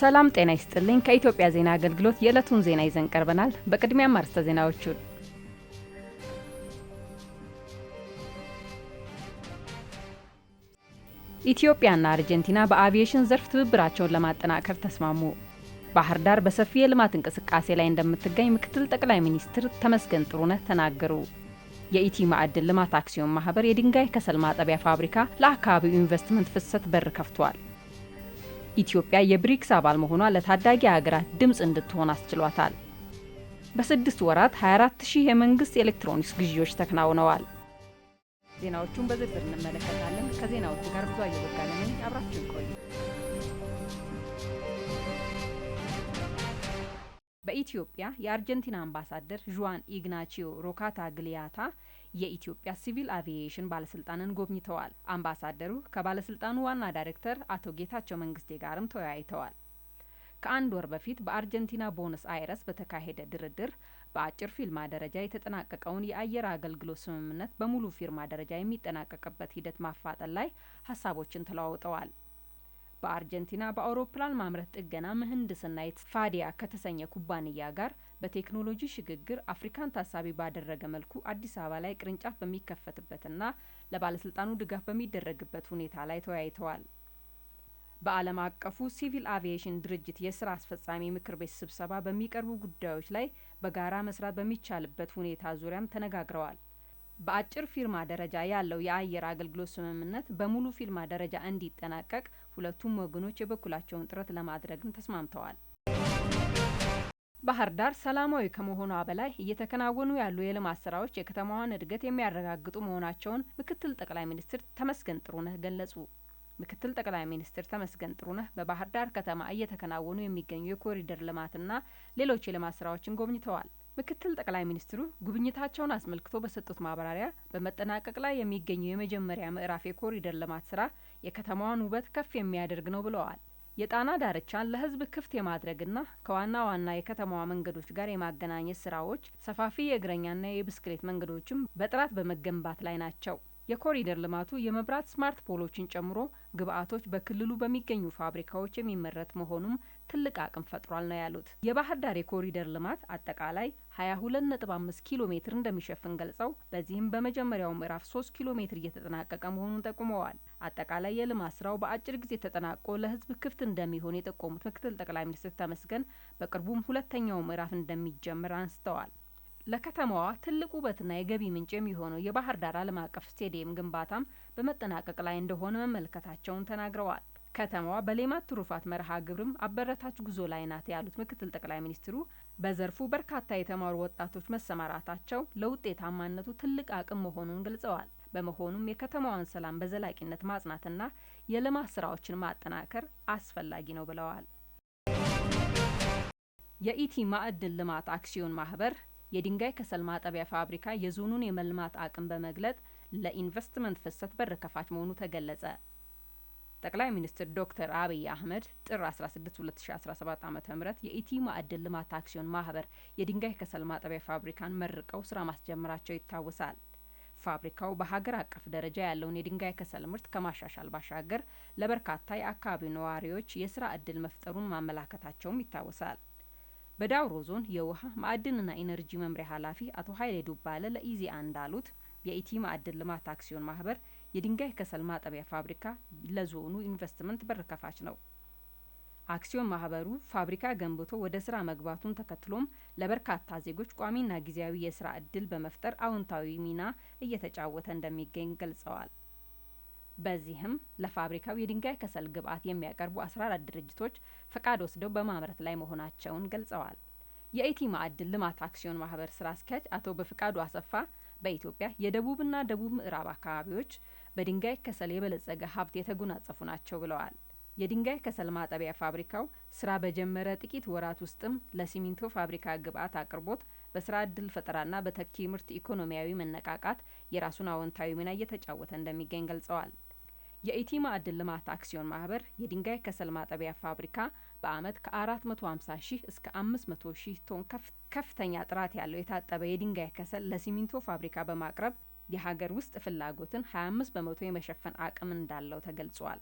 ሰላም ጤና ይስጥልኝ። ከኢትዮጵያ ዜና አገልግሎት የዕለቱን ዜና ይዘን ቀርበናል። በቅድሚያ አርዕስተ ዜናዎቹን ኢትዮጵያና አርጀንቲና በአቪዬሽን ዘርፍ ትብብራቸውን ለማጠናከር ተስማሙ። ባህር ዳር በሰፊ የልማት እንቅስቃሴ ላይ እንደምትገኝ ምክትል ጠቅላይ ሚኒስትር ተመስገን ጥሩነህ ተናገሩ። የኢቲ ማዕድን ልማት አክሲዮን ማህበር የድንጋይ ከሰል ማጠቢያ ፋብሪካ ለአካባቢው ኢንቨስትመንት ፍሰት በር ከፍቷል። ኢትዮጵያ የብሪክስ አባል መሆኗ ለታዳጊ ሀገራት ድምፅ እንድትሆን አስችሏታል። በስድስት ወራት 24 ሺህ የመንግስት ኤሌክትሮኒክስ ግዢዎች ተከናውነዋል። ዜናዎቹን በዝርዝር እንመለከታለን። ከዜናዎቹ ጋር ብዙ አየበጋለኝ አብራችን ቆዩ። በኢትዮጵያ የአርጀንቲና አምባሳደር ዥዋን ኢግናቺዮ ሮካታ ግሊያታ የኢትዮጵያ ሲቪል አቪዬሽን ባለስልጣንን ጎብኝተዋል። አምባሳደሩ ከባለስልጣኑ ዋና ዳይሬክተር አቶ ጌታቸው መንግስቴ ጋርም ተወያይተዋል። ከአንድ ወር በፊት በአርጀንቲና ቦነስ አይረስ በተካሄደ ድርድር በአጭር ፊርማ ደረጃ የተጠናቀቀውን የአየር አገልግሎት ስምምነት በሙሉ ፊርማ ደረጃ የሚጠናቀቅበት ሂደት ማፋጠን ላይ ሀሳቦችን ተለዋውጠዋል። በአርጀንቲና በአውሮፕላን ማምረት ጥገና ምህንድስና ፋዲያ ከተሰኘ ኩባንያ ጋር በቴክኖሎጂ ሽግግር አፍሪካን ታሳቢ ባደረገ መልኩ አዲስ አበባ ላይ ቅርንጫፍ በሚከፈትበትና ለባለስልጣኑ ድጋፍ በሚደረግበት ሁኔታ ላይ ተወያይተዋል። በዓለም አቀፉ ሲቪል አቪዬሽን ድርጅት የስራ አስፈጻሚ ምክር ቤት ስብሰባ በሚቀርቡ ጉዳዮች ላይ በጋራ መስራት በሚቻልበት ሁኔታ ዙሪያም ተነጋግረዋል። በአጭር ፊርማ ደረጃ ያለው የአየር አገልግሎት ስምምነት በሙሉ ፊርማ ደረጃ እንዲጠናቀቅ ሁለቱም ወገኖች የበኩላቸውን ጥረት ለማድረግም ተስማምተዋል። ባህር ዳር ሰላማዊ ከመሆኗ በላይ እየተከናወኑ ያሉ የልማት ስራዎች የከተማዋን እድገት የሚያረጋግጡ መሆናቸውን ምክትል ጠቅላይ ሚኒስትር ተመስገን ጥሩነህ ገለጹ። ምክትል ጠቅላይ ሚኒስትር ተመስገን ጥሩነህ በባህር ዳር ከተማ እየተከናወኑ የሚገኙ የኮሪደር ልማትና ሌሎች የልማት ስራዎችን ጎብኝተዋል። ምክትል ጠቅላይ ሚኒስትሩ ጉብኝታቸውን አስመልክቶ በሰጡት ማብራሪያ በመጠናቀቅ ላይ የሚገኘው የመጀመሪያ ምዕራፍ የኮሪደር ልማት ስራ የከተማዋን ውበት ከፍ የሚያደርግ ነው ብለዋል። የጣና ዳርቻን ለህዝብ ክፍት የማድረግና ከዋና ዋና የከተማዋ መንገዶች ጋር የማገናኘት ስራዎች፣ ሰፋፊ የእግረኛና የብስክሌት መንገዶችም በጥራት በመገንባት ላይ ናቸው። የኮሪደር ልማቱ የመብራት ስማርት ፖሎችን ጨምሮ ግብዓቶች በክልሉ በሚገኙ ፋብሪካዎች የሚመረት መሆኑም ትልቅ አቅም ፈጥሯል ነው ያሉት። የባህር ዳር የኮሪደር ልማት አጠቃላይ 22.5 ኪሎ ሜትር እንደሚሸፍን ገልጸው በዚህም በመጀመሪያው ምዕራፍ 3 ኪሎ ሜትር እየተጠናቀቀ መሆኑን ጠቁመዋል። አጠቃላይ የልማት ስራው በአጭር ጊዜ ተጠናቆ ለህዝብ ክፍት እንደሚሆን የጠቆሙት ምክትል ጠቅላይ ሚኒስትር ተመስገን በቅርቡም ሁለተኛው ምዕራፍ እንደሚጀምር አንስተዋል። ለከተማዋ ትልቅ ውበትና የገቢ ምንጭ የሚሆነው የባህር ዳር ዓለም አቀፍ ስቴዲየም ግንባታም በመጠናቀቅ ላይ እንደሆነ መመልከታቸውን ተናግረዋል። ከተማዋ በሌማት ትሩፋት መርሃ ግብርም አበረታች ጉዞ ላይ ናት ያሉት ምክትል ጠቅላይ ሚኒስትሩ በዘርፉ በርካታ የተማሩ ወጣቶች መሰማራታቸው ለውጤታማነቱ ትልቅ አቅም መሆኑን ገልጸዋል። በመሆኑም የከተማዋን ሰላም በዘላቂነት ማጽናትና የልማት ስራዎችን ማጠናከር አስፈላጊ ነው ብለዋል። የኢቲ ማዕድን ልማት አክሲዮን ማህበር የድንጋይ ከሰል ማጠቢያ ፋብሪካ የዞኑን የመልማት አቅም በመግለጥ ለኢንቨስትመንት ፍሰት በር ከፋች መሆኑ ተገለጸ። ጠቅላይ ሚኒስትር ዶክተር አብይ አህመድ ጥር 16 2017 ዓ ም የኢቲ ማዕድን ልማት አክሲዮን ማህበር የድንጋይ ከሰል ማጠቢያ ፋብሪካን መርቀው ስራ ማስጀመራቸው ይታወሳል። ፋብሪካው በሀገር አቀፍ ደረጃ ያለውን የድንጋይ ከሰል ምርት ከማሻሻል ባሻገር ለበርካታ የአካባቢው ነዋሪዎች የስራ እድል መፍጠሩን ማመላከታቸውም ይታወሳል። በዳውሮ ዞን የውሃ ማዕድንና ኢነርጂ መምሪያ ኃላፊ አቶ ሀይሌ ዱባለ ለኢዜአ እንዳሉት የኢቲ ማዕድን ልማት አክሲዮን ማህበር የድንጋይ ከሰል ማጠቢያ ፋብሪካ ለዞኑ ኢንቨስትመንት በር ከፋች ነው። አክሲዮን ማህበሩ ፋብሪካ ገንብቶ ወደ ስራ መግባቱን ተከትሎም ለበርካታ ዜጎች ቋሚና ጊዜያዊ የስራ እድል በመፍጠር አዎንታዊ ሚና እየተጫወተ እንደሚገኝ ገልጸዋል። በዚህም ለፋብሪካው የድንጋይ ከሰል ግብዓት የሚያቀርቡ አስራ አራት ድርጅቶች ፈቃድ ወስደው በማምረት ላይ መሆናቸውን ገልጸዋል። የኢቲ ማዕድን ልማት አክሲዮን ማህበር ስራ አስኪያጅ አቶ በፍቃዱ አሰፋ በኢትዮጵያ የደቡብና ደቡብ ምዕራብ አካባቢዎች በድንጋይ ከሰል የበለጸገ ሀብት የተጎናጸፉ ናቸው ብለዋል። የድንጋይ ከሰል ማጠቢያ ፋብሪካው ስራ በጀመረ ጥቂት ወራት ውስጥም ለሲሚንቶ ፋብሪካ ግብዓት አቅርቦት በስራ እድል ፈጠራና በተኪ ምርት ኢኮኖሚያዊ መነቃቃት የራሱን አዎንታዊ ሚና እየተጫወተ እንደሚገኝ ገልጸዋል። የኢቲ ማዕድን ልማት አክሲዮን ማህበር የድንጋይ ከሰል ማጠቢያ ፋብሪካ በአመት ከ450 ሺህ እስከ 500 ሺህ ቶን ከፍተኛ ጥራት ያለው የታጠበ የድንጋይ ከሰል ለሲሚንቶ ፋብሪካ በማቅረብ የሀገር ውስጥ ፍላጎትን 25 በመቶ የመሸፈን አቅም እንዳለው ተገልጿል።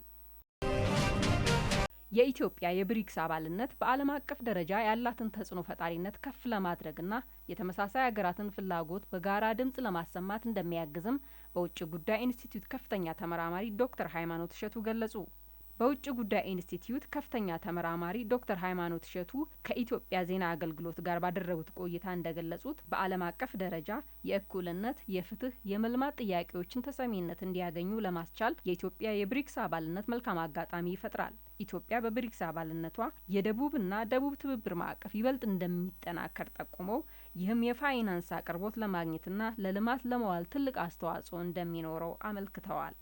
የኢትዮጵያ የብሪክስ አባልነት በዓለም አቀፍ ደረጃ ያላትን ተጽዕኖ ፈጣሪነት ከፍ ለማድረግና የተመሳሳይ ሀገራትን ፍላጎት በጋራ ድምጽ ለማሰማት እንደሚያግዝም በውጭ ጉዳይ ኢንስቲትዩት ከፍተኛ ተመራማሪ ዶክተር ሃይማኖት እሸቱ ገለጹ። በውጭ ጉዳይ ኢንስቲትዩት ከፍተኛ ተመራማሪ ዶክተር ሃይማኖት እሸቱ ከኢትዮጵያ ዜና አገልግሎት ጋር ባደረጉት ቆይታ እንደገለጹት በዓለም አቀፍ ደረጃ የእኩልነት፣ የፍትህ፣ የመልማት ጥያቄዎችን ተሰሚነት እንዲያገኙ ለማስቻል የኢትዮጵያ የብሪክስ አባልነት መልካም አጋጣሚ ይፈጥራል። ኢትዮጵያ በብሪክስ አባልነቷ የደቡብና ደቡብ ትብብር ማዕቀፍ ይበልጥ እንደሚጠናከር ጠቁመው ይህም የፋይናንስ አቅርቦት ለማግኘትና ለልማት ለመዋል ትልቅ አስተዋጽኦ እንደሚኖረው አመልክተዋል።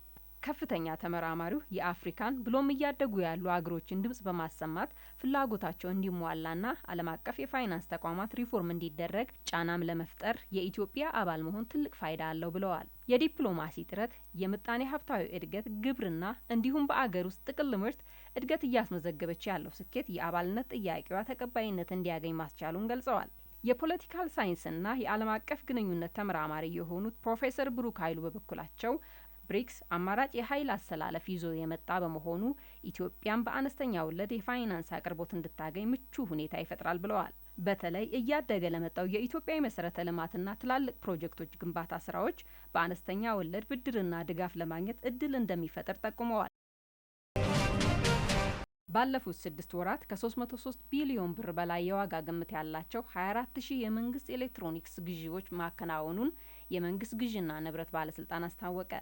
ከፍተኛ ተመራማሪው የአፍሪካን ብሎም እያደጉ ያሉ አገሮችን ድምጽ በማሰማት ፍላጎታቸው እንዲሟላና ዓለም አቀፍ የፋይናንስ ተቋማት ሪፎርም እንዲደረግ ጫናም ለመፍጠር የኢትዮጵያ አባል መሆን ትልቅ ፋይዳ አለው ብለዋል። የዲፕሎማሲ ጥረት፣ የምጣኔ ሀብታዊ እድገት፣ ግብርና እንዲሁም በአገር ውስጥ ጥቅል ምርት እድገት እያስመዘገበች ያለው ስኬት የአባልነት ጥያቄዋ ተቀባይነት እንዲያገኝ ማስቻሉን ገልጸዋል። የፖለቲካል ሳይንስና የዓለም አቀፍ ግንኙነት ተመራማሪ የሆኑት ፕሮፌሰር ብሩክ ኃይሉ በበኩላቸው ብሪክስ አማራጭ የኃይል አሰላለፍ ይዞ የመጣ በመሆኑ ኢትዮጵያን በአነስተኛ ወለድ የፋይናንስ አቅርቦት እንድታገኝ ምቹ ሁኔታ ይፈጥራል ብለዋል። በተለይ እያደገ ለመጣው የኢትዮጵያ የመሰረተ ልማትና ትላልቅ ፕሮጀክቶች ግንባታ ስራዎች በአነስተኛ ወለድ ብድርና ድጋፍ ለማግኘት እድል እንደሚፈጥር ጠቁመዋል። ባለፉት ስድስት ወራት ከ303 ቢሊዮን ብር በላይ የዋጋ ግምት ያላቸው 24 ሺህ የመንግስት ኤሌክትሮኒክስ ግዢዎች ማከናወኑን የመንግስት ግዢና ንብረት ባለስልጣን አስታወቀ።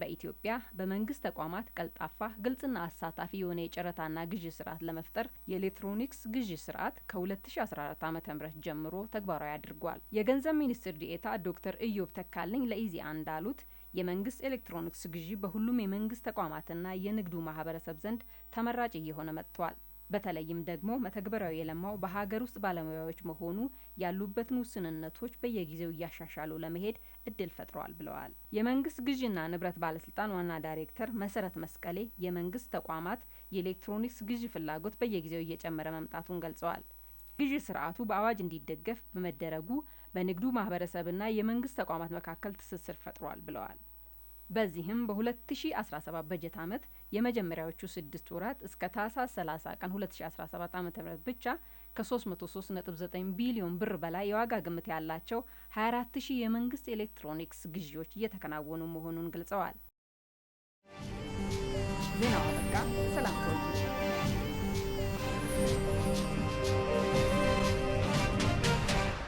በኢትዮጵያ በመንግስት ተቋማት ቀልጣፋ፣ ግልጽና አሳታፊ የሆነ የጨረታና ግዢ ስርዓት ለመፍጠር የኤሌክትሮኒክስ ግዢ ስርዓት ከ2014 ዓ ም ጀምሮ ተግባራዊ አድርጓል። የገንዘብ ሚኒስትር ዴኤታ ዶክተር ኢዮብ ተካልኝ ለኢዜአ እንዳሉት የመንግስት ኤሌክትሮኒክስ ግዢ በሁሉም የመንግስት ተቋማትና የንግዱ ማህበረሰብ ዘንድ ተመራጭ እየሆነ መጥቷል። በተለይም ደግሞ መተግበሪያው የለማው በሀገር ውስጥ ባለሙያዎች መሆኑ ያሉበትን ውስንነቶች በየጊዜው እያሻሻሉ ለመሄድ እድል ፈጥረዋል ብለዋል። የመንግስት ግዥና ንብረት ባለስልጣን ዋና ዳይሬክተር መሰረት መስቀሌ የመንግስት ተቋማት የኤሌክትሮኒክስ ግዥ ፍላጎት በየጊዜው እየጨመረ መምጣቱን ገልጸዋል። ግዥ ስርዓቱ በአዋጅ እንዲደገፍ በመደረጉ በንግዱ ማህበረሰብና የመንግስት ተቋማት መካከል ትስስር ፈጥሯል ብለዋል። በዚህም በ2017 በጀት ዓመት የመጀመሪያዎቹ ስድስት ወራት እስከ ታህሳስ 30 ቀን 2017 ዓ ም ብቻ ከ339 ቢሊዮን ብር በላይ የዋጋ ግምት ያላቸው 24000 የመንግስት ኤሌክትሮኒክስ ግዢዎች እየተከናወኑ መሆኑን ገልጸዋል። ዜናው አበቃ። ሰላም